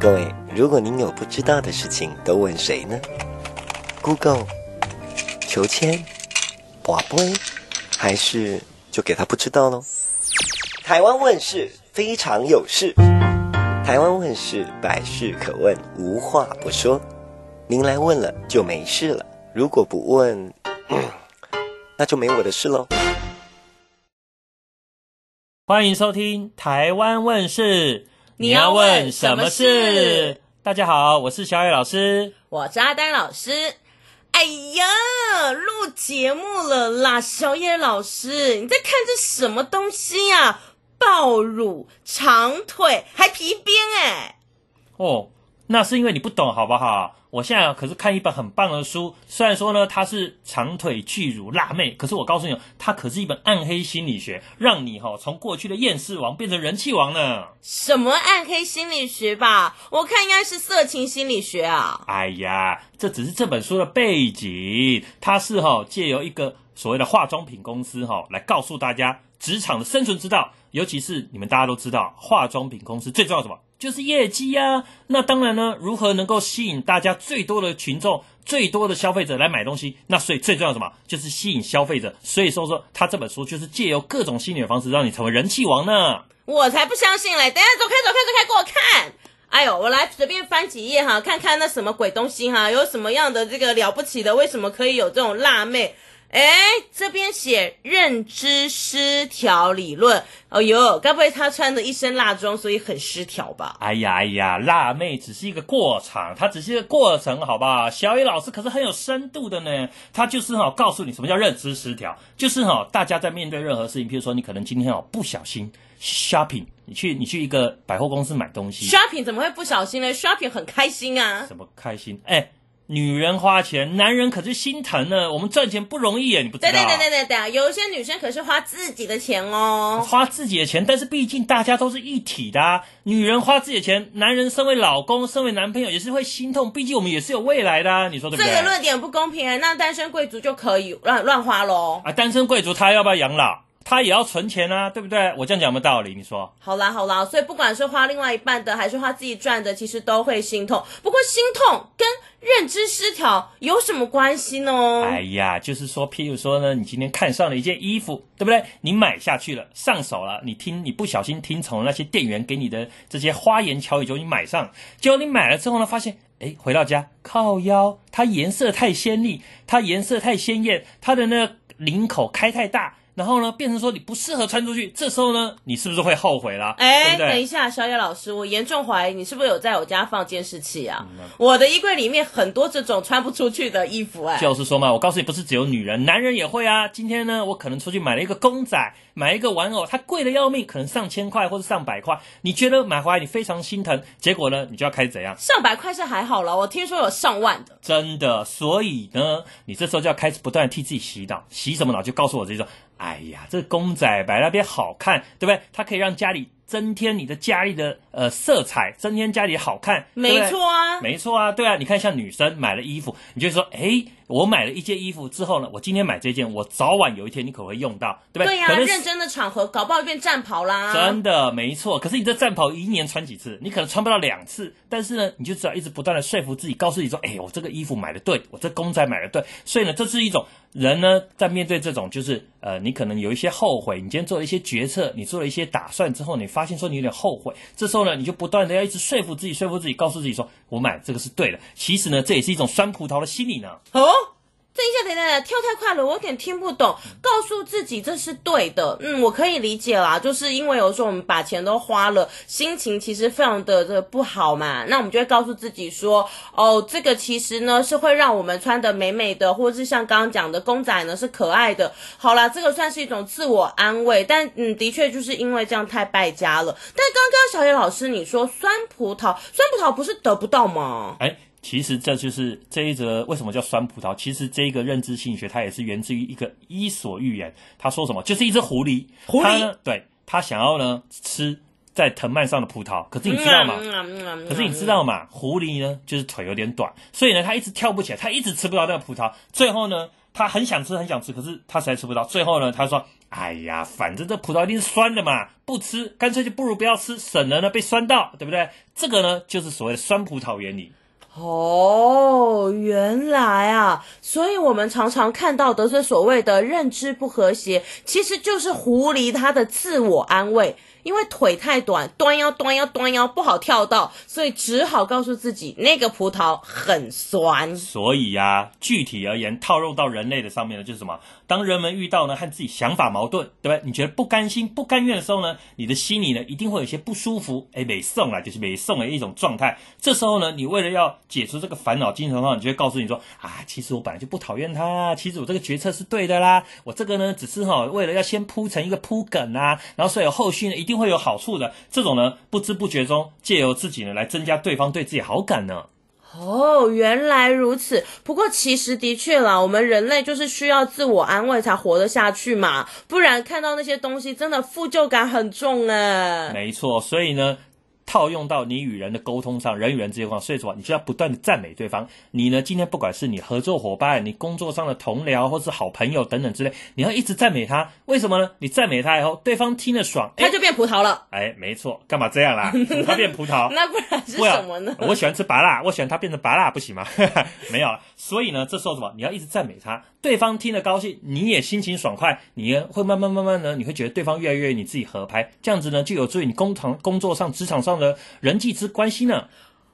各位，如果您有不知道的事情，都問誰呢？Google、求籤、跋杯，還是就給他不知道嘍？台灣問事非常有事，台灣問事百事可問，無話不說。您來問了就沒事了，如果不問，嗯，那就沒我的事嘍。歡迎收聽《台灣問事》。你要，你要問什麼事？大家好，我是小野老師，我是阿丹老師。哎呀，錄節目了啦！小野老師，你在看這什麼東西呀、啊？爆乳、長腿，還皮鞭、欸？哎，哦。那是因為你不懂，好不好？我現在可是看一本很棒的書，雖然說呢，它是長腿巨乳辣妹，可是我告訴你，它可是一本暗黑心理學，讓你哈、哦、從過去的厭世王變成人氣王呢。什麼暗黑心理學吧？我看應該是色情心理學啊。哎呀，這只是這本書的背景，它是哈、哦、借由一個所謂的化妝品公司哈、哦、來告訴大家職場的生存之道，尤其是你們大家都知道，化妝品公司最重要的什麼？就是業績呀、啊，那當然呢。如何能夠吸引大家最多的群眾、最多的消費者來買東西？那所以最重要的什麼？就是吸引消費者。所以說說他這本書就是借由各種心理的方式，讓你成為人氣王呢。我才不相信嘞！等一下走開走開走開，給我看！哎呦，我來隨便翻幾頁哈，看看那什麼鬼東西哈，有什麼樣的這個了不起的？為什麼可以有這種辣妹？哎，這邊寫認知失調理論。哦呦，該不會他穿的一身辣裝，所以很失調吧？哎呀哎呀，辣妹只是一個過場，它只是一個過程，好吧？小雨老師可是很有深度的呢，他就是哈，告訴你什麼叫認知失調，就是哈，大家在面對任何事情，比如說你可能今天哦不小心 shopping，你去你去一個百貨公司買東西，shopping 怎麼會不小心呢？shopping 很開心啊！什麼開心？哎。女人花錢，男人可是心疼呢。我們賺錢不容易呀，你不知道？對對對對對啊！有一些女生可是花自己的錢哦。啊，花自己的錢，但是畢竟大家都是一體的啊，女人花自己的錢，男人身為老公、身為男朋友也是會心痛，畢竟我們也是有未來的啊，你說對不對？這個論點不公平，那單身貴族就可以亂亂花咯。啊，單身貴族他要不要養老？他也要存錢啊，對不對？我這樣講有沒有道理，你說？好啦好啦，所以不管是花另外一半的，還是花自己賺的，其實都會心痛。不過心痛跟認知失調有什麼關係呢？哎呀，就是說，譬如說呢，你今天看上了一件衣服，對不對？你買下去了，上手了，你聽你不小心聽從那些店員給你的這些花言巧語，就你買上。結果你買了之後呢，發現，哎，回到家，靠腰，它顏色太鮮麗，它顏色太鮮豔，它的那領口開太大。然後呢，變成說你不適合穿出去，這時候呢，你是不是會後悔啦？哎，等一下，小野老師，我嚴重懷疑你是不是有在我家放監視器啊？嗯、啊我的衣櫃裡面很多這種穿不出去的衣服哎、欸。就是說嘛，我告訴你，不是只有女人，男人也會啊。今天呢，我可能出去買了一個公仔，買一個玩偶，它貴得要命，可能上千塊或者上百塊。你覺得買回來你非常心疼，結果呢，你就要開始怎樣？上百塊是還好了，我聽說有上萬的，真的。所以呢，你這時候就要開始不斷替自己洗腦，洗什麼腦？就告訴我這種。哎呀，這公仔擺那邊好看，對不對？它可以讓家裡。增添你的家裡的呃色彩，增添家裡的好看，沒,對不對？沒錯啊，沒錯啊，對啊，你看像女生買了衣服，你就說，哎，我買了一件衣服之後呢，我今天買這件，我早晚有一天你可會用到，對不對？對呀、啊，認真的場合搞不好一變戰袍啦。真的沒錯，可是你的戰袍一年穿幾次？你可能穿不到兩次，但是呢，你就只要一直不斷的說服自己，告訴你說，哎我這個衣服買的對，我這公仔買的對，所以呢，這是一種人呢在面對這種就是呃，你可能有一些後悔，你今天做了一些決策，你做了一些打算之後，你發。發現說你有點後悔，這時候呢，你就不斷的要一直說服自己，說服自己，告訴自己說我買這個是對的。其實呢，這也是一種酸葡萄的心理呢。啊這一下等一下，跳太快了，我有點聽不懂。告訴自己這是對的，嗯，我可以理解啦，就是因為有時候我們把錢都花了，心情其實非常的這個、不好嘛，那我們就會告訴自己說，哦，這個其實呢是會讓我們穿得美美的，或者是像剛剛講的公仔呢是可愛的，好啦，這個算是一種自我安慰。但嗯，的確就是因為這樣太敗家了。但剛剛小野老師你說酸葡萄，酸葡萄不是得不到嗎？哎其實這就是這一則為什麼叫酸葡萄？其實這個認知心理學它也是源自於一個伊索寓言。他說什麼？就是一只狐狸，狐狸呢，對，他想要呢吃在藤蔓上的葡萄。可是你知道嗎？可是你知道嗎？狐狸呢就是腿有點短，所以呢他一直跳不起來，他一直吃不到那個葡萄。最後呢他很想吃，很想吃，可是他實在吃不到。最後呢他說：“哎呀，反正這葡萄一定是酸的嘛，不吃乾脆就不如不要吃，省得呢被酸到，對不對？”這個呢就是所謂的酸葡萄原理。哦，原來啊，所以我們常常看到的是所謂的認知不和諧，其實就是狐狸它的自我安慰，因為腿太短，端腰端腰端腰不好跳到，所以只好告訴自己那個葡萄很酸。所以啊，具體而言，套用到人類的上面的就是什麼？當人們遇到呢和自己想法矛盾，對不對？你覺得不甘心、不甘願的時候呢，你的心裡呢一定會有一些不舒服，誒美送啦，就是美送的一種狀態。這時候呢，你為了要解除這個煩惱，精神上你就會告訴你說啊，其實我本來就不討厭他，啊，其實我這個決策是對的啦，我這個呢只是哈為了要先鋪成一個鋪梗啊，然後所以後續呢一定會有好處的。這種呢不知不覺中借由自己呢來增加對方對自己好感呢。哦，原來如此。不過其實的確啦，我們人類就是需要自我安慰才活得下去嘛，不然看到那些東西，真的負疚感很重耶。沒錯，所以呢。套用到你與人的溝通上，人與人之間，所以說你就要不斷的讚美對方。你呢，今天不管是你合作夥伴、你工作上的同僚，或是好朋友等等之類，你要一直讚美他。為什麼呢？你讚美他以後，對方聽得爽，欸、他就變葡萄了。哎、欸，沒錯，幹嘛這樣啦？ 他變葡萄， 那不然是什麼呢？我喜歡吃芭樂，我喜歡它變成芭樂不行嗎？哈哈，沒有了，所以呢，這時候什麼？你要一直讚美他。對方聽了高興，你也心情爽快，你也會慢慢慢慢呢，你會覺得對方越來越與你自己合拍，這樣子呢，就有助於你工廠工作上、職場上的人際之關係呢。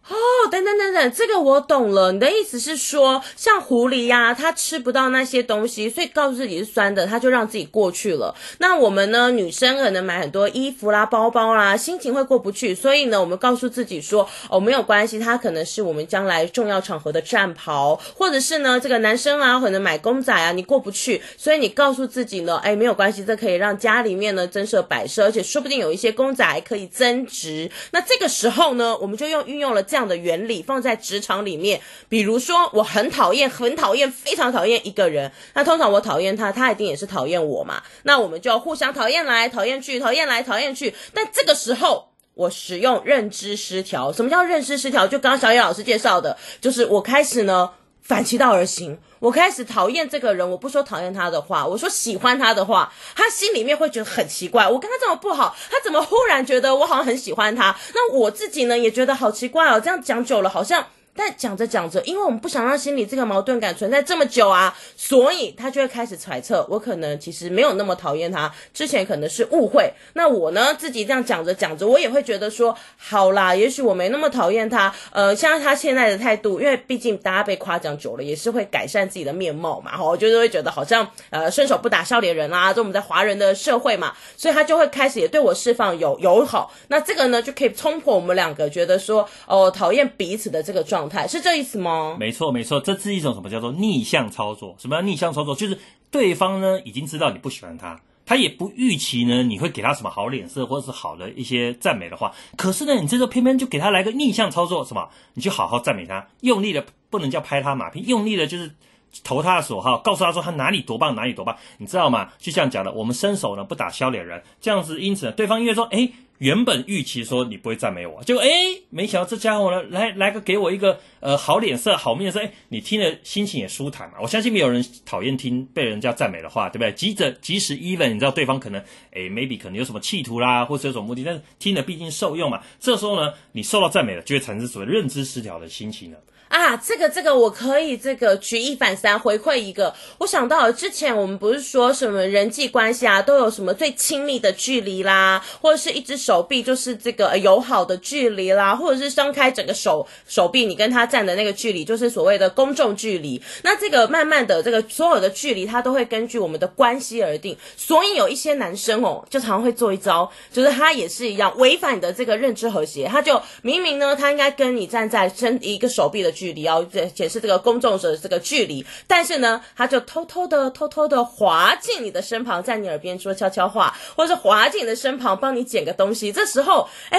哦，等等等等，這個我懂了。你的意思是說，像狐狸呀、啊，它吃不到那些東西，所以告訴自己是酸的，它就讓自己過去了。那我們呢，女生可能買很多衣服啦、包包啦，心情會過不去，所以呢，我們告訴自己說，哦，沒有關係，它可能是我們將來重要場合的戰袍，或者是呢，這個男生啊，可能買公仔啊，你過不去，所以你告訴自己呢，哎，沒有關係，這可以讓家裡面呢增設擺設，而且說不定有一些公仔可以增值。那這個時候呢，我們就用運用了。這樣的原理放在職場裡面，比如說我很討厭、很討厭、非常討厭一個人，那通常我討厭他，他一定也是討厭我嘛。那我們就要互相討厭來、討厭去、討厭來、討厭去。但這個時候，我使用認知失調。什麼叫認知失調？就剛剛小野老師介紹的，就是我開始呢，反其道而行，我開始討厭這個人。我不說討厭他的話，我說喜歡他的話，他心裡面會覺得很奇怪。我跟他這麼不好，他怎麼忽然覺得我好像很喜歡他？那我自己呢，也覺得好奇怪哦。這樣講久了，好像。但講着講着，因為我們不想讓心裡這個矛盾感存在這麼久啊，所以他就會開始揣測，我可能其實沒有那麼討厭他，之前可能是誤會。那我呢，自己這樣講着講着，我也會覺得說，好啦，也許我沒那麼討厭他。呃，像他現在的態度，因為畢竟大家被誇獎久了，也是會改善自己的面貌嘛。哈、哦，我、就是會覺得好像呃伸手不打笑臉人啦、啊，就我們在華人的社會嘛，所以他就會開始也對我釋放友友好。那這個呢，就可以衝破我們兩個覺得說哦討厭彼此的這個狀。是這意思嗎？沒錯，沒錯，這是一種什麼叫做逆向操作？什麼叫逆向操作？就是對方呢已經知道你不喜歡他，他也不預期呢你會給他什麼好臉色或者是好的一些讚美的話，可是呢你這時候偏偏就給他來個逆向操作，什麼？你就好好讚美他，用力的不能叫拍他馬屁，用力的就是投他的所好，告訴他說他哪裡多棒，哪裡多棒，你知道嗎？就像講的。我們伸手呢不打笑臉人，這樣子，因此呢，對方因為說，誒。原本預期說你不會讚美我，就哎，沒想到這家伙呢，來來個給我一個呃好臉色、好面色，哎，你聽了心情也舒坦嘛。我相信沒有人討厭聽被人家讚美的話，對不對？即使即使 even，你知道對方可能哎 maybe 可能有什麼企圖啦，或是有什麼目的，但是聽了畢竟受用嘛。這時候呢，你受到讚美了，就會產生所謂認知失調的心情了。啊，這個這個我可以這個舉一反三回饋一個，我想到了之前我們不是說什麼人際關係啊，都有什麼最親密的距離啦，或者是一直。手臂就是這個友好的距離啦，或者是鬆開整個手手臂，你跟他站的那個距離，就是所謂的公眾距離。那這個慢慢的，這個所有的距離，它都會根據我們的關係而定。所以有一些男生哦，就常會做一招，就是他也是一樣違反你的這個認知和諧。他就明明呢，他應該跟你站在身一個手臂的距離，要顯示這個公眾者的這個距離，但是呢，他就偷偷的偷偷的滑進你的身旁，在你耳邊說悄悄話，或是滑進你的身旁，幫你撿個東西。這時候，哎，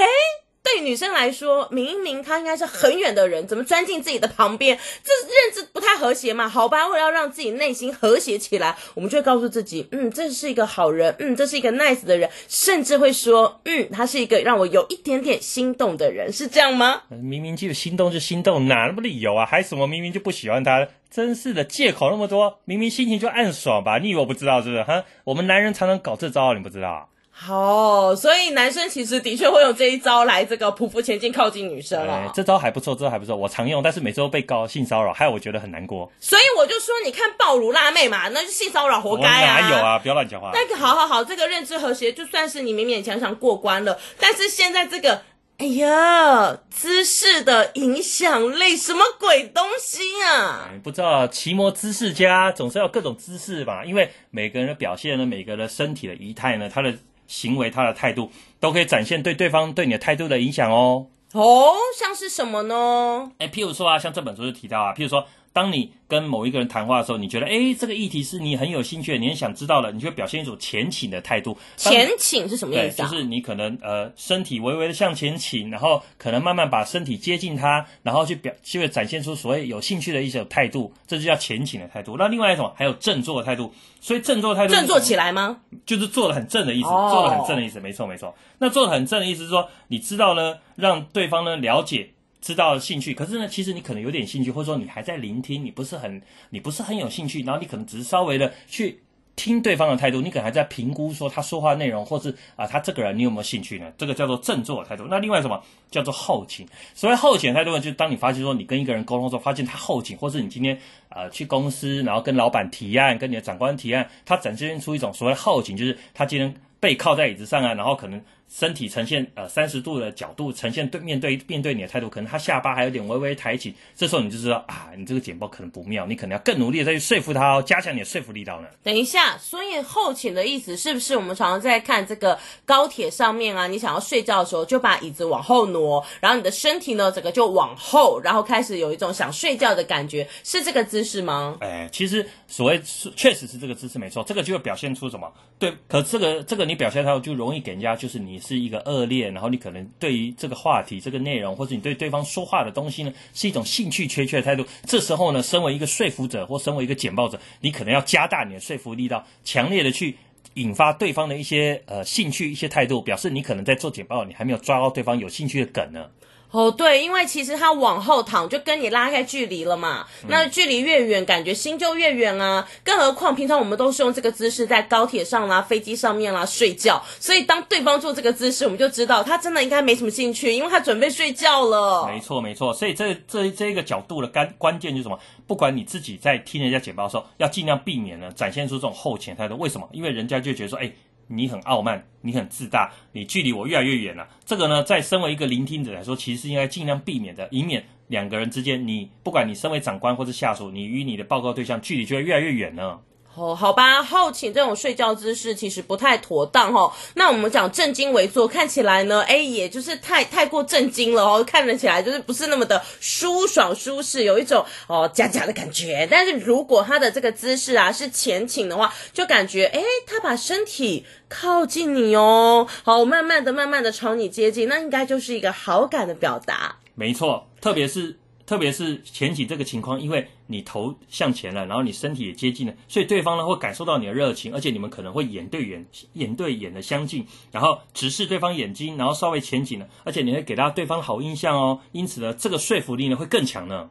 對女生來說，明明他應該是很遠的人，怎麼鑽進自己的旁邊？這認知不太和諧嘛？好吧，為了要讓自己內心和諧起來，我們就會告訴自己，嗯，這是一個好人，嗯，這是一個 nice 的人，甚至會說，嗯，他是一個讓我有一點點心動的人，是這樣嗎？明明就是心動就心動，哪那麼理由啊？還什麼明明就不喜歡他？真是的，借口那麼多，明明心情就暗爽吧？你以為我不知道是不是？哼，我們男人常常搞這招，你不知道。好，oh, 所以男生其實的確會用這一招來這個匍匐前進靠近女生了。這招還不錯，這招還不錯，我常用，但是每次都被告性騷擾，還有我覺得很難過。所以我就說，你看爆乳辣妹嘛，那就性騷擾活該啊！哪、oh, 有啊？不要亂講話。那個，好好好，這個認知和諧就算是你勉勉強，強強過關了，但是現在這個，哎呀，姿勢的影響力什麼鬼東西啊？哎、不知道奇摩知識家總是要各種姿勢吧？因為每個人的表現呢，每個人的身體的儀態呢，他的。行為，他的態度都可以展現對對方對你的態度的影響哦。哦，像是什麼呢？誒、欸，譬如說啊，像這本書就提到啊，譬如說。當你跟某一個人談話的時候，你覺得哎、欸，這個議題是你很有興趣的，你很想知道的，你就會表現一種前傾的態度。前傾是什麼意思、啊？就是你可能呃身體微微的向前傾，然後可能慢慢把身體接近他，然後去表，就會展現出所謂有興趣的一些態度，這就叫前傾的態度。那另外一種還有振作的態度，所以振作態度振作起來嗎？嗯、就是坐的很正的意思，坐的、oh. 很正的意思，沒錯沒錯。那坐的很正的意思是說，你知道呢，讓對方呢了解。知道興趣，可是呢，其實你可能有點興趣，或者說你還在聆聽，你不是很，你不是很有興趣，然後你可能只是稍微的去聽對方的態度，你可能還在評估說他說話的內容，或是啊、呃、他這個人你有沒有興趣呢？這個叫做正坐的態度。那另外什麼叫做後傾？所謂後傾態度，就是當你發現說你跟一個人溝通的時候，發現他後傾，或是你今天啊、呃、去公司，然後跟老板提案，跟你的長官提案，他展現出一種所謂後傾，就是他今天背靠在椅子上啊，然後可能。身體呈現呃三十度的角度，呈現對面對面對，面對你的態度，可能他下巴還有點微微抬起，這時候你就知道啊，你這個簡報可能不妙，你可能要更努力的再去說服他哦，加強你的說服力道呢。等一下，所以後傾的意思是不是我們常常在看這個高鐵上面啊？你想要睡覺的時候，就把椅子往後挪，然後你的身體呢整個就往後，然後開始有一種想睡覺的感覺，是這個姿勢嗎？哎，其實所謂確實是這個姿勢沒錯，這個就會表現出什麼？對，可這個這個你表現出就容易給人家就是你。你是一個惡劣，然後你可能對於這個話題、這個內容，或者你對對方說話的東西呢，是一種興趣缺缺的態度。這時候呢，身為一個說服者或身為一個簡報者，你可能要加大你的說服力道，強烈的去引發對方的一些呃興趣、一些態度，表示你可能在做簡報，你還沒有抓到對方有興趣的梗呢。哦，oh, 對，因為其實他往後躺就跟你拉開距離了嘛，嗯、那距離越遠，感覺心就越遠啊。更何況平常我們都是用這個姿勢在高鐵上啦、飛機上面啦睡覺，所以當對方做這個姿勢，我們就知道他真的應該沒什麼興趣，因為他準備睡覺了。沒錯，沒錯。所以這這這，這一個角度的關關鍵就是什麼？不管你自己在聽人家解包的時候，要盡量避免呢展現出這種後潛態度。為什麼？因為人家就覺得說，哎。你很傲慢，你很自大，你距離我越來越遠了。這個呢，在身為一個聆聽者來說，其實是應該儘量避免的，以免兩個人之間，你不管你身為長官或是下屬，你與你的報告對象距離就會越來越遠了。哦，好吧，後傾這種睡覺姿勢其實不太妥當哦。那我們講正襟危坐，看起來呢，哎，也就是太太過正經了哦，看得起來就是不是那麼的舒爽舒適，有一種哦假假的感覺。但是如果他的這個姿勢啊是前傾的話，就感覺哎，他把身體靠近你哦，好，慢慢的、慢慢的朝你接近，那應該就是一個好感的表達。沒錯，特別是。特別是前傾這個情況，因為你頭向前了，然後你身體也接近了，所以對方呢會感受到你的熱情，而且你們可能會眼對眼、眼對眼的相近，然後直視對方眼睛，然後稍微前傾了，而且你會給到對方好印象哦。因此呢，這個說服力呢會更強呢。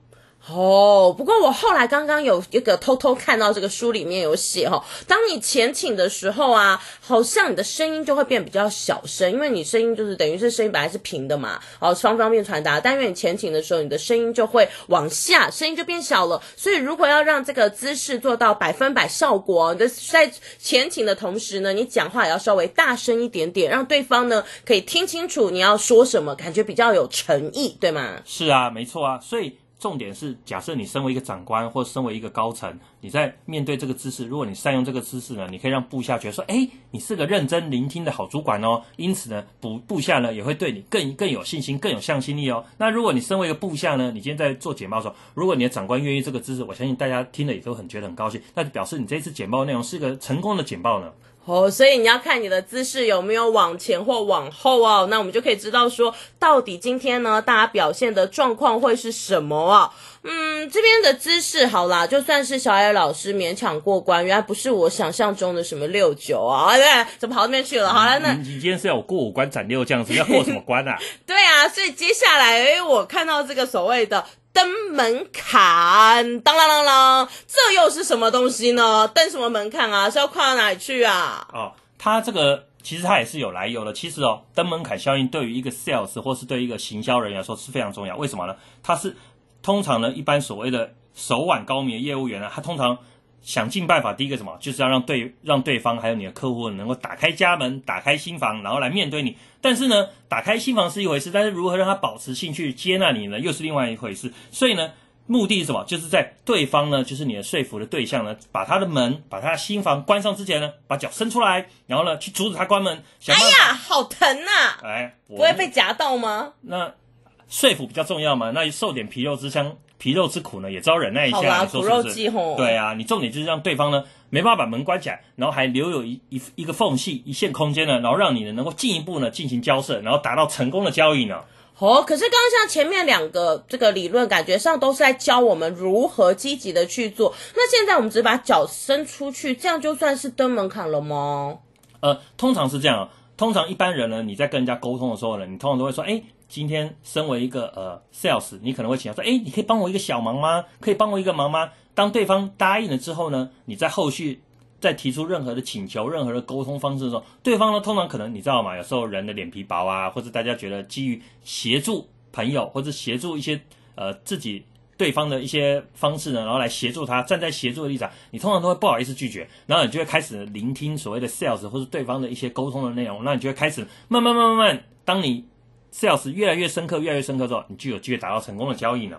哦，oh, 不過我後來剛剛有一個偷偷看到這個書裡面有寫哦，當你前傾的時候啊，好像你的聲音就會變比較小聲，因為你聲音就是等於是聲音本來是平的嘛，哦，然後雙方面傳達，但因為你前傾的時候，你的聲音就會往下，聲音就變小了。所以如果要讓這個姿勢做到百分百效果，你的在前傾的同時呢，你講話也要稍微大聲一點點，讓對方呢可以聽清楚你要說什麼，感覺比較有誠意，對嗎？是啊，沒錯啊，所以。重點是，假設你身為一個長官或身為一個高層，你在面對這個姿勢，如果你善用這個姿勢呢，你可以讓部下覺得說，哎、欸，你是個認真聆聽的好主管哦。因此呢，部部下呢也會對你更更有信心，更有向心力哦。那如果你身為一個部下呢，你今天在做簡報的時候，如果你的長官願意這個姿勢，我相信大家聽了也都很覺得很高興。那就表示你這次簡報內容是一個成功的簡報呢。哦，oh, 所以你要看你的姿勢有沒有往前或往後哦、啊，那我們就可以知道說，到底今天呢，大家表現的狀況會是什麼啊？嗯，這邊的姿勢好啦，就算是小野老師勉強過關，原來不是我想象中的什麼六九啊，哎，怎麼跑那邊去了？好了，那、嗯、你今天是要我過五關斬六將，是要過什麼關啊？ 對啊，所以接下來，因為我看到這個所謂的。登門檻，當當當當，這又是什麼東西呢？登什麼門檻啊？是要跨到哪裡去啊？哦，它這個其實它也是有來由的。其實哦，登門檻效應對於一個 sales 或是對一個行銷人員來說是非常重要。為什麼呢？它是通常呢，一般所謂的手腕高明的業務員呢，他通常，想盡辦法，第一個什麼，就是要讓對讓對方還有你的客戶能夠打開家門，打開心房，然後來面對你。但是呢，打開心房是一回事，但是如何讓他保持興趣接納你呢，又是另外一回事。所以呢，目的是什麼？就是在對方呢，就是你的說服的對象呢，把他的門，把他的心房關上之前呢，把腳伸出來，然後呢，去阻止他關門。哎呀，好疼啊！哎，不會被夾到嗎？那說服比較重要嘛？那就受點皮肉之傷。皮肉之苦呢，也遭忍耐一下，苦肉計吼，是不是？對啊，你重點就是讓對方呢沒辦法把門關起來，然後還留有一一一,一個縫隙，一線空間呢，然後讓你呢能夠進一步呢進行交涉，然後達到成功的交易呢。哦，可是剛剛像前面兩個這個理論，感覺上都是在教我們如何積極的去做。那現在我們只是把腳伸出去，這樣就算是登門檻了嗎？呃，通常是這樣。通常一般人呢，你在跟人家溝通的時候呢，你通常都會說，哎。今天身為一個呃 sales，你可能會請教說，哎，你可以幫我一個小忙嗎？可以幫我一個忙嗎？當對方答應了之後呢，你在後續再提出任何的請求、任何的溝通方式的時候，對方呢通常可能你知道嗎？有時候人的臉皮薄啊，或者大家覺得基於協助朋友或者協助一些呃自己對方的一些方式呢，然後來協助他站在協助的立場，你通常都會不好意思拒絕，然後你就會開始聆聽所謂的 sales 或者對方的一些溝通的內容，那你就會開始慢慢慢慢慢，當你。四小時越來越深刻，越來越深刻之後，你就有機會達到成功的交易呢。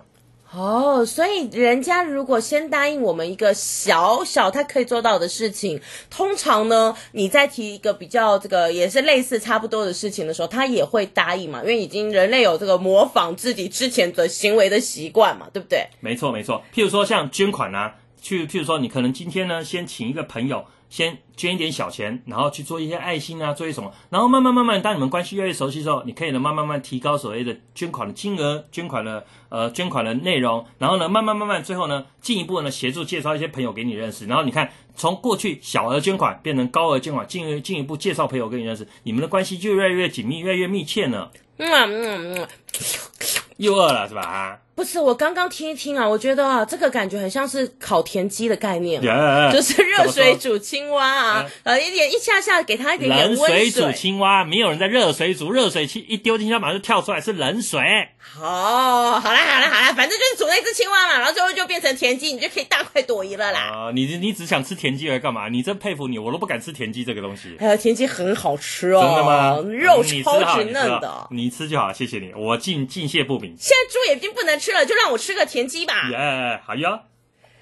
哦，所以人家如果先答應我們一個小小他可以做到的事情，通常呢，你在提一個比較這個也是類似差不多的事情的時候，他也會答應嘛，因為已經人類有這個模仿自己之前的行為的習慣嘛，對不對？沒錯沒錯。譬如說像捐款啊，去譬如說你可能今天呢先請一個朋友。先捐一點小錢，然後去做一些愛心啊，做一些什麼，然後慢慢慢慢，當你們關係越來越熟悉的時候，你可以呢慢慢慢慢提高所謂的捐款的金額、捐款的呃捐款的內容，然後呢慢慢慢慢，最後呢進一步呢協助介紹一些朋友給你認識，然後你看從過去小額捐款變成高額捐款，進進一步介紹朋友給你認識，你們的關係就越來越緊密、越來越密切呢。嗯、啊、嗯嗯、啊，又餓了是吧？不是，我剛剛聽一聽啊，我覺得啊，這個感覺很像是烤田雞的概念、啊，yeah, yeah, 就是熱水煮青蛙啊，呃，一點一下下給它一點冷水煮青蛙，沒有人在熱水煮，熱水器一丟進去，它馬上就跳出來，是冷水。哦、oh，好啦好啦好啦，反正就是煮那只青蛙嘛，然後最後就變成田雞，你就可以大快朵頤了啦。啊、uh，你你只想吃田雞來幹嘛？你真佩服你，我都不敢吃田雞這個東西。還有田雞很好吃哦，真的嗎？肉超級嫩的，你吃，你，吃你，吃你吃就好謝謝你。我敬敬謝不敏。現在豬眼睛不能吃。吃了就讓我吃個田雞吧！耶，好喲，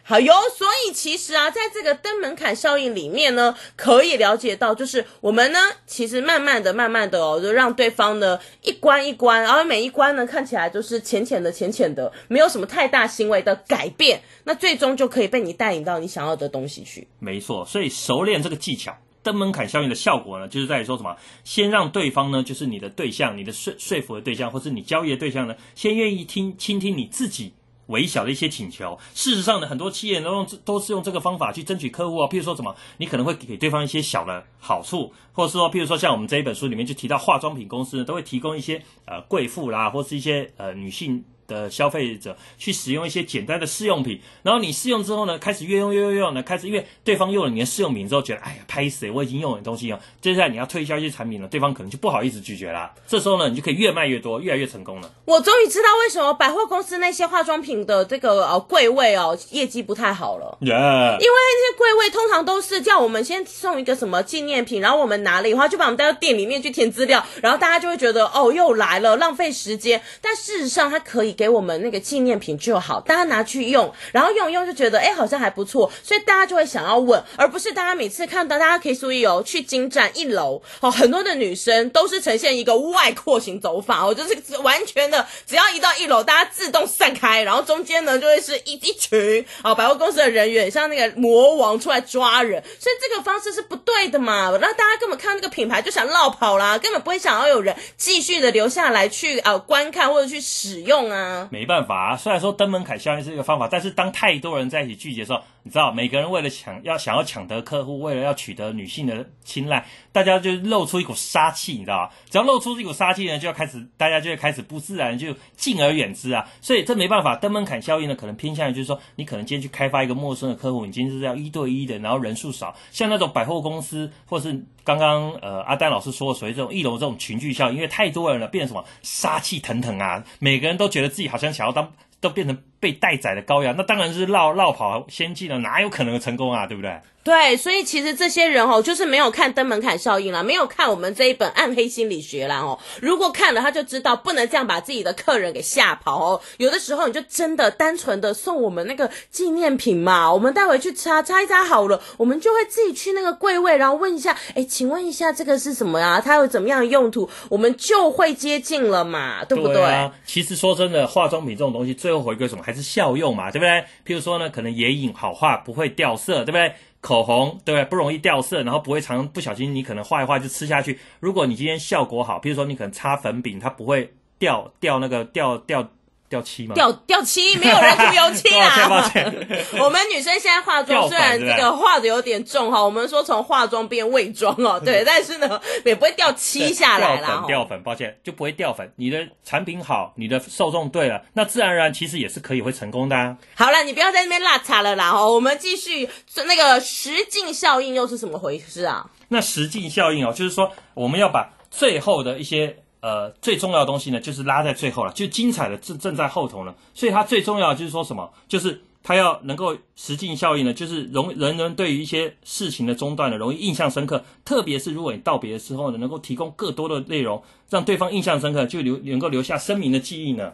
好喲。所以其實啊，在這個登門檻效應裡面呢，可以了解到，就是我們呢，其實慢慢的、慢慢的哦，就讓對方呢一關一關，然後每一關呢看起來就是淺淺的、淺淺的，沒有什麼太大行為的改變，那最終就可以被你帶領到你想要的東西去。沒錯，所以熟練這個技巧，登門檻效應的效果呢，就是在於說什麼，先讓對方呢，就是你的對象、你的說說服的對象，或是你交易的對象呢，先願意聽傾聽你自己微小的一些請求。事實上呢，很多企業都用都是用這個方法去爭取客戶啊、哦。譬如說什麼，你可能會給對方一些小的好處，或者說，譬如說像我們這一本書裡面就提到，化妝品公司呢都會提供一些呃貴婦啦，或是一些呃女性。的消費者去使用一些簡單的試用品，然後你試用之後呢，開始越用越用越用呢，開始因為對方用了你的試用品之後覺得，哎呀，拍謝，我已經用了你的東西用。接下來你要推銷一些產品了，對方可能就不好意思拒絕啦。這時候呢，你就可以越賣越多，越來越成功了。我終於知道為什麼百貨公司那些化妝品的這個呃、哦、櫃位哦，業績不太好了。耶，Yeah. 因為那些櫃位通常都是叫我們先送一個什麼紀念品，然後我們拿了以後就把我們帶到店裡面去填資料，然後大家就會覺得哦，又來了，浪費時間。但事實上它可以。給我們那個紀念品就好，大家拿去用，然後用一用就覺得哎，好像還不錯，所以大家就會想要問，而不是大家每次看到，大家可以注意哦，去京站一樓，好、哦、很多的女生都是呈現一個外擴型走法，哦，就是完全的，只要一到一樓，大家自動散開，然後中間呢就會是一一群，好、哦、百貨公司的人員像那個魔王出來抓人，所以這個方式是不對的嘛，那大家根本看那個品牌就想落跑啦，根本不會想要有人繼續的留下來去呃觀看或者去使用啊。沒辦法啊，雖然說登門檻效應是一個方法，但是當太多人在一起聚集的時候。你知道，每個人為了搶要想要搶得客戶，為了要取得女性的青睞，大家就露出一股殺氣，你知道嗎？只要露出這股殺氣呢，就要開始，大家就會開始不自然，就敬而遠之啊。所以這沒辦法，登門檻效應呢，可能偏向於就是說，你可能今天去開發一個陌生的客戶，你今天是要一對一的，然後人數少，像那種百貨公司，或是剛剛呃阿丹老師說的，所謂這種一樓這種群聚效應，因為太多人了，變成什麼殺氣騰騰啊，每個人都覺得自己好像想要當，都變成。被待宰的羔羊，那當然是落落跑先進了，哪有可能成功啊，對不對？對，所以其實這些人哦，就是沒有看登門檻效應啦，沒有看我們這一本暗黑心理學啦哦。如果看了，他就知道不能這樣把自己的客人給嚇跑哦。有的時候你就真的單純的送我們那個紀念品嘛，我們帶回去擦擦一擦好了，我們就會自己去那個櫃位，然後問一下，哎，請問一下這個是什麼啊，它有怎麼樣的用途？我們就會接近了嘛，對不對？對啊，其實說真的，化妝品這種東西，最後回歸什麼？還是效用嘛，對不對？譬如說呢，可能眼影好畫，不會掉色，對不對？口紅，對不對？不容易掉色，然後不會常不小心，你可能畫一畫就吃下去。如果你今天效果好，譬如說你可能擦粉餅，它不會掉掉那個掉掉。掉掉漆嗎？掉掉漆，沒有人塗油漆啦、啊。 抱歉，抱歉。 我們女生現在化妝，雖然這個化的有點重哈，是是我們說從化妝變偽妝哦、喔，對， 但是呢也不會掉漆下來啦。掉粉，掉粉，抱歉，就不會掉粉。你的產品好，你的受眾對了，那自然而然其實也是可以會成功的。啊。好了，你不要在那邊拉叉了啦哦，我們繼續那個實際效應又是什麼回事啊？那實際效應哦、喔，就是說我們要把最後的一些。呃，最重要的東西呢，就是拉在最後了，就精彩的正正在後頭呢。所以它最重要的就是說什麼？就是它要能夠實際效應呢，就是容人人對於一些事情的中斷呢，容易印象深刻。特別是如果你道別的時候呢，能夠提供更多的內容，讓對方印象深刻，就留能夠留下鮮明的記憶呢。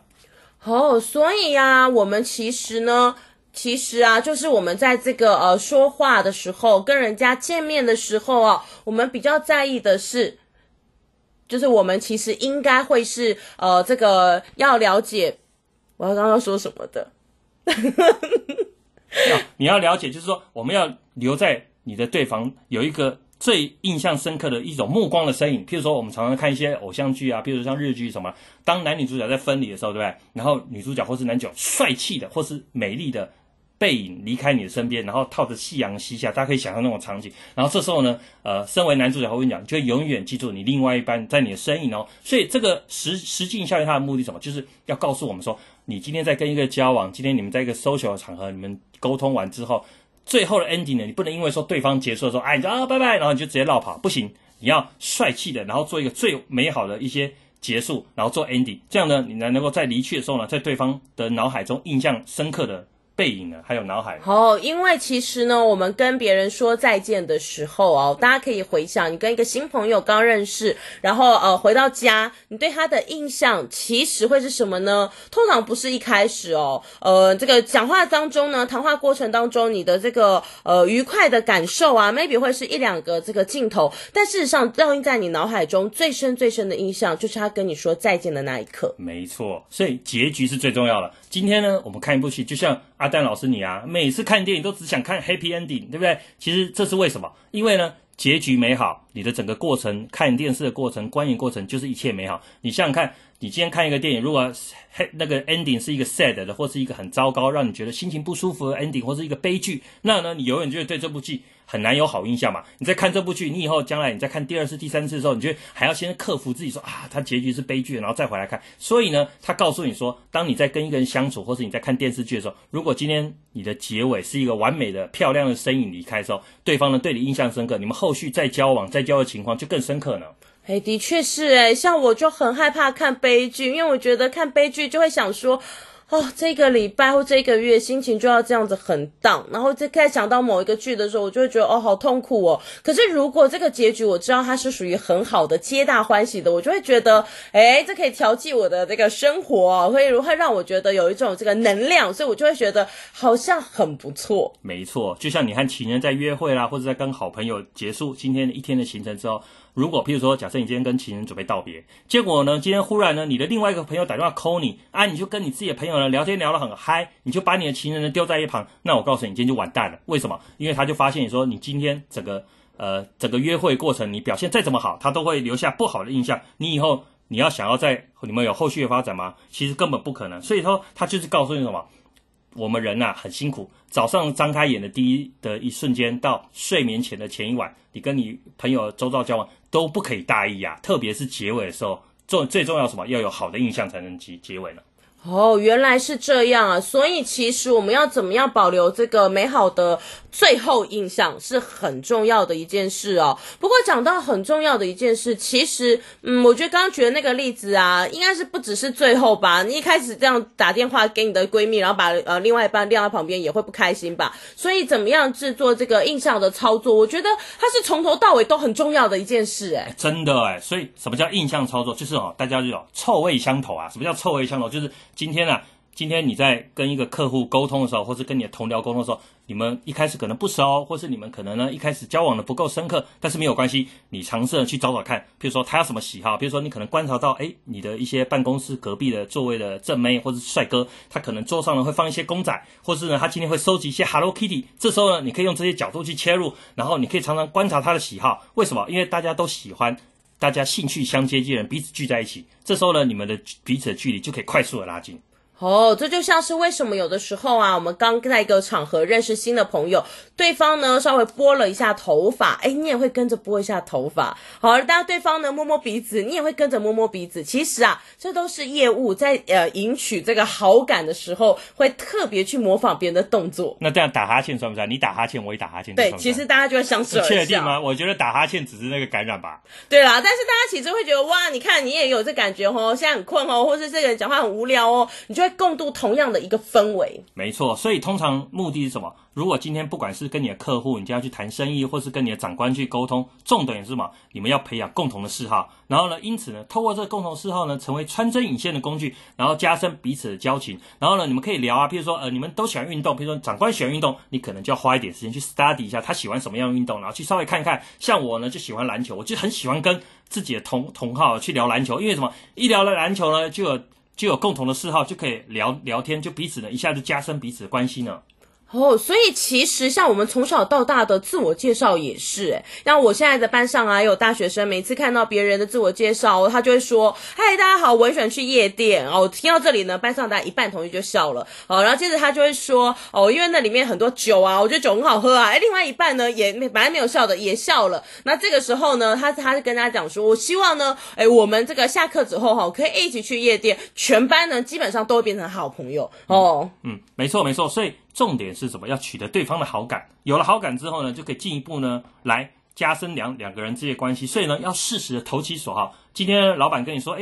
好，oh, 所以呀、啊，我們其實呢，其實啊，就是我們在這個呃說話的時候，跟人家見面的時候啊，我們比較在意的是。就是我們其實應該會是呃，這個要了解，我要剛剛說什麼的、啊？你要了解，就是說我們要留在你的對方有一個最印象深刻的一種目光的身影。譬如說，我們常常看一些偶像劇啊，比如說像日劇什麼，當男女主角在分離的時候，對不對？然後女主角或是男主角帥氣的，或是美麗的。背影離開你的身邊，然後套着夕陽西下，大家可以想象那種場景。然後這時候呢，呃，身為男主角，我跟你講，你就會永遠記住你另外一半在你的身影哦。所以這個實實際效應它的目的什麼？就是要告訴我們說，你今天在跟一個交往，今天你們在一個 social 的場合，你們溝通完之後，最後的 ending 呢，你不能因為說對方結束的時候，哎、啊，你說、啊、拜拜，然後你就直接落跑，不行，你要帥氣的，然後做一個最美好的一些結束，然後做 ending，這樣呢，你才能夠在離去的時候呢，在對方的腦海中印象深刻的。背影呢？還有腦海。哦，oh, 因為其實呢，我們跟別人說再見的時候啊，大家可以回想，你跟一個新朋友剛認識，然後呃回到家，你對他的印象其實會是什麼呢？通常不是一開始哦，呃，這個講話當中呢，談話過程當中，你的這個呃愉快的感受啊，maybe 會是一兩個這個鏡頭，但事實上，烙印在你腦海中最深、最深的印象，就是他跟你說再見的那一刻。沒錯，所以結局是最重要了。今天呢，我們看一部戲，就像。阿蛋老師，你啊，每次看電影都只想看 happy ending，對不對？其實這是為什麼？因為呢，結局美好，你的整個過程、看電視的過程、觀影過程就是一切美好。你想想看，你今天看一個電影，如果嘿那個 ending 是一個 sad 的，或是一個很糟糕，讓你覺得心情不舒服的 ending，或是一個悲劇，那呢，你永遠就會對這部劇。很難有好印象嘛，你在看這部劇，你以後將來你在看第二次、第三次的時候，你就還要先克服自己說啊，它結局是悲劇，然後再回來看。所以呢，他告訴你說，當你在跟一個人相處，或是你在看電視劇的時候，如果今天你的結尾是一個完美的、漂亮的身影離開的時候，對方呢對你印象深刻，你們後續再交往、再交的情況就更深刻呢。誒，的確是誒，像我就很害怕看悲劇，因為我覺得看悲劇就會想說。哦，這個禮拜或這個月心情就要這樣子很 down，然後開始，想到某一個劇的時候，我就會覺得哦，好痛苦哦。可是如果這個結局我知道它是屬於很好的，皆大歡喜的，我就會覺得，誒，這可以調劑我的這個生活，會如何讓我覺得有一種這個能量，所以我就會覺得好像很不錯。沒錯，就像你和情人在約會啦，或者在跟好朋友結束今天的一天的行程之後。如果，譬如說，假設你今天跟情人準備道別，結果呢，今天忽然呢，你的另外一個朋友打電話 call 你，啊，你就跟你自己的朋友呢聊天聊得很嗨，你就把你的情人呢丟在一旁，那我告訴你，你今天就完蛋了。為什麼？因為他就發現你說你今天整個呃整個約會過程，你表現再怎麼好，他都會留下不好的印象。你以後你要想要在你們有後續的發展嗎？其實根本不可能。所以說，他就是告訴你什麼？我們人吶、啊、很辛苦，早上張開眼的第一的一瞬間到睡眠前的前一晚，你跟你朋友周遭交往都不可以大意啊，特別是結尾的時候，重最重要什麼？要有好的印象才能結結尾呢。哦，原來是這樣啊！所以其實我們要怎麼樣保留這個美好的最後印象，是很重要的一件事哦。不過講到很重要的一件事，其實嗯，我覺得剛剛舉的那個例子啊，應該是不只是最後吧？你一開始這樣打電話給你的閨蜜，然後把呃另外一半晾在旁邊，也會不開心吧？所以怎麼樣製作這個印象的操作，我覺得它是從頭到尾都很重要的一件事誒、欸欸、真的誒，所以什麼叫印象操作？就是哦，大家就有臭味相投啊。什麼叫臭味相投？就是。今天呢，啊，今天你在跟一個客戶溝通的時候，或是跟你的同僚溝通的時候，你們一開始可能不熟，或是你們可能呢一開始交往的不夠深刻，但是沒有關係，你嘗試去找找看。比如說他有什麼喜好，比如說你可能觀察到，哎，你的一些辦公室隔壁的座位的正妹或者帥哥，他可能桌上呢會放一些公仔，或是呢他今天會收集一些 Hello Kitty。這時候呢，你可以用這些角度去切入，然後你可以常常觀察他的喜好。為什麼？因為大家都喜歡。大家興趣相接近的人，彼此聚在一起，這時候呢，你們的彼此的距離就可以快速的拉近。哦，oh, 這就像是為什麼有的時候啊，我們剛在一個場合認識新的朋友，對方呢，稍微撥了一下頭髮，哎，你也會跟着撥一下頭髮。好，大家對方呢，摸摸鼻子，你也會跟着摸摸鼻子。其實啊，這都是業務在呃贏取這個好感的時候，會特別去模仿別人的動作。那這樣打哈欠算不算？你打哈欠，我也打哈欠算不算？對，其實大家就會相似。你確定嗎？我覺得打哈欠只是那個感染吧。對啦，但是大家其實會覺得哇，你看你也有這感覺哦，現在很困哦，或是這個人講話很無聊哦，你就會。共度同樣的一個氛圍，沒錯。所以通常目的是什麼？如果今天不管是跟你的客戶，你就要去談生意，或是跟你的長官去溝通，重點是什麼？你們要培養共同的嗜好。然後呢，因此呢，透過這個共同嗜好呢，成為穿針引線的工具，然後加深彼此的交情。然後呢，你們可以聊啊，譬如說，呃，你們都喜歡運動，譬如說長官喜歡運動，你可能就要花一點時間去 study 一下他喜歡什麼樣的運動，然後去稍微看看。像我呢，就喜歡籃球，我就很喜歡跟自己的同同好去聊籃球，因為什麼？一聊了籃球呢，就有。就有共同的嗜好，就可以聊聊天，就彼此呢一下子加深彼此的關係呢。哦，oh, 所以其實像我們從小到大的自我介紹也是，誒像我現在的班上啊，有大學生，每次看到別人的自我介紹，他就會說：“嗨，大家好，我也喜歡去夜店。”哦，聽到這裡呢，班上大概一半同學就笑了，哦、oh,，然後接着他就會說：“哦、oh,，因為那裡面很多酒啊，我覺得酒很好喝啊。誒”誒另外一半呢，也沒本來沒有笑的也笑了。那這個時候呢，他他就跟大家講說：“我希望呢，誒我們這個下課之後哈，可以一起去夜店，全班呢，基本上都會變成好朋友。Oh, ”哦、嗯，嗯，沒錯沒錯，所以。重點是什麼？要取得對方的好感。有了好感之後呢，就可以進一步呢來加深兩兩個人之間關係。所以呢，要適時的投其所好。今天老闆跟你說，哎，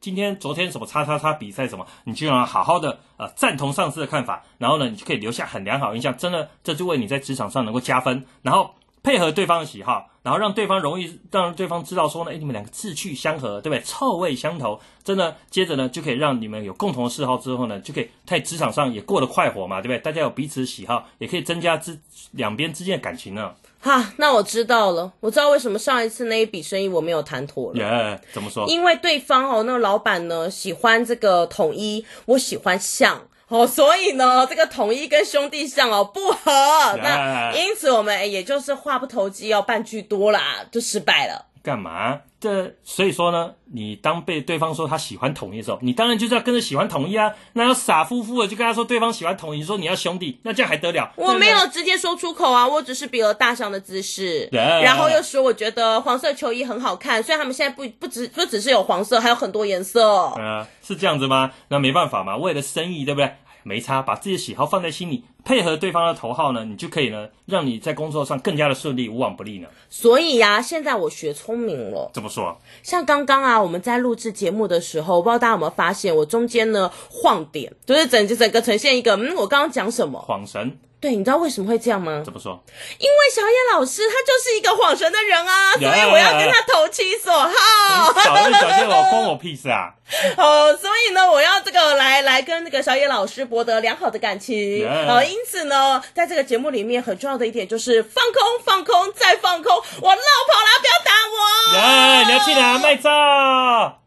今天昨天什麼叉叉叉比賽什麼，你就要好好的呃贊同上司的看法，然後呢，你就可以留下很良好的印象。真的，這就為你在職場上能夠加分。然後。配合對方的喜好，然後讓對方容易讓對方知道說呢，哎，你們兩個志趣相合，對不對？臭味相投，真的。接着呢，就可以讓你們有共同的嗜好，之後呢，就可以在職場上也過得快活嘛，對不對？大家有彼此的喜好，也可以增加這兩邊之間的感情呢。哈，那我知道了，我知道為什麼上一次那一筆生意我沒有談妥了。耶、欸，怎麼說？因為對方哦，那個老闆呢喜歡這個統一，我喜歡象。哦，oh, 所以呢，這個統一跟兄弟相哦不合，Yeah. 那因此我們也就是話不投機，要半句多啦，就失敗了。幹嘛？這所以說呢，你當被對方說他喜歡統一的時候，你當然就是要跟着喜歡統一啊。那要傻乎乎的就跟他說對方喜歡統一，你說你要兄弟，那這樣還得了？對對，我沒有直接說出口啊，我只是比了大象的姿勢，嗯、然後又說我覺得黃色球衣很好看。雖然他們現在不不只不只是有黃色，還有很多顏色、哦。嗯。是這樣子嗎？那沒辦法嘛，為了生意，對不對？沒差，把自己的喜好放在心裡，配合對方的頭號呢，你就可以呢，讓你在工作上更加的順利，無往不利呢。所以呀、啊，現在我學聰明了。怎麼說？像剛剛啊，我們在錄製節目的時候，我不知道大家有沒有發現，我中間呢，晃點，就是整，就整個呈現一個，嗯，我剛剛講什麼？恍神。對，你知道為什麼會這樣嗎？怎麼說？因為小野老師他就是一個恍神的人啊，所以我要跟他投其所好。呵呵呵呵，關我屁事啊！哦，所以呢，我要這個來來跟那個小野老師博得良好的感情。好，因此呢，在這個節目裡面很重要的一點就是放空、放空再放空。我落跑了，不要打我！哎，你要去哪麥造？